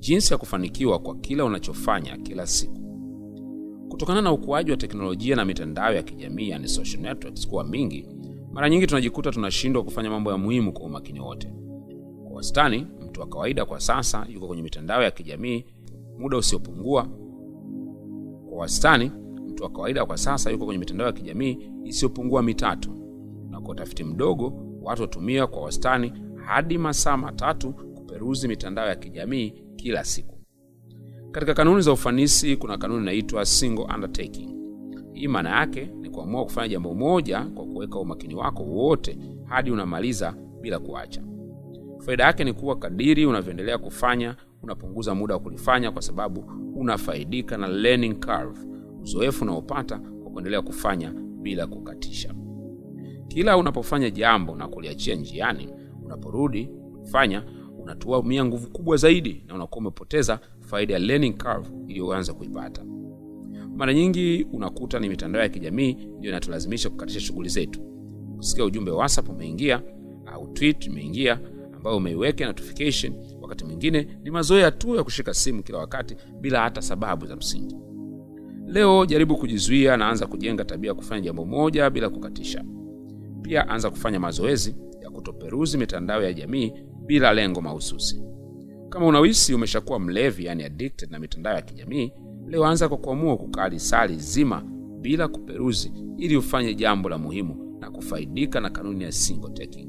jinsi ya kufanikiwa kwa kila unachofanya kila siku. Kutokana na ukuaji wa teknolojia na mitandao ya kijamii yani social networks kuwa mingi, mara nyingi tunajikuta tunashindwa kufanya mambo ya muhimu kwa umakini wote. Kwa wastani, mtu wa kawaida kwa sasa yuko kwenye mitandao ya kijamii muda usiopungua. Kwa wastani, mtu wa kawaida kwa sasa yuko kwenye mitandao ya kijamii isiyopungua mitatu, na kwa utafiti mdogo, watu hutumia kwa wastani hadi masaa matatu kuperuzi mitandao ya kijamii kila siku katika kanuni za ufanisi kuna kanuni inaitwa single undertaking hii maana yake ni kuamua kufanya jambo moja kwa kuweka umakini wako wote hadi unamaliza bila kuacha faida yake ni kuwa kadiri unavyoendelea kufanya unapunguza muda wa kulifanya kwa sababu unafaidika na learning curve uzoefu unaopata kwa kuendelea kufanya bila kukatisha kila unapofanya jambo na kuliachia njiani unaporudi kufanya unatumia nguvu kubwa zaidi na unakuwa umepoteza faida ya learning curve iliyoanza kuipata mara nyingi unakuta ni mitandao ya kijamii ndio inatulazimisha kukatisha shughuli zetu kusikia ujumbe wa whatsapp umeingia au tweet umeingia ambayo umeiweka notification wakati mwingine ni mazoea tu ya kushika simu kila wakati bila hata sababu za msingi leo jaribu kujizuia na anza kujenga tabia ya kufanya jambo moja bila kukatisha pia anza kufanya mazoezi ya kutoperuzi mitandao ya jamii bila lengo mahususi. Kama unawisi umeshakuwa mlevi, yani addicted na mitandao ya kijamii, leo anza kwa kuamua kukali sali zima bila kuperuzi, ili ufanye jambo la muhimu na kufaidika na kanuni ya single taking.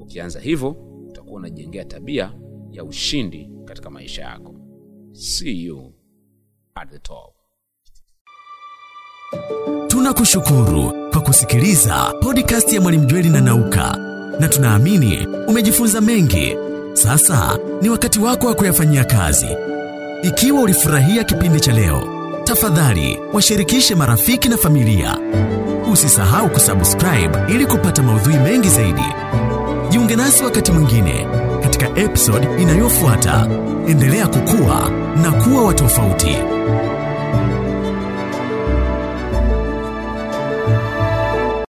Ukianza hivyo, utakuwa unajengea tabia ya ushindi katika maisha yako. See you at the top. Tunakushukuru kwa kusikiliza podcast ya Mwalimu Jweli na Nauka na tunaamini umejifunza mengi. Sasa ni wakati wako wa kuyafanyia kazi. Ikiwa ulifurahia kipindi cha leo, tafadhali washirikishe marafiki na familia. Usisahau kusubscribe ili kupata maudhui mengi zaidi. Jiunge nasi wakati mwingine katika episode inayofuata. Endelea kukua na kuwa wa tofauti.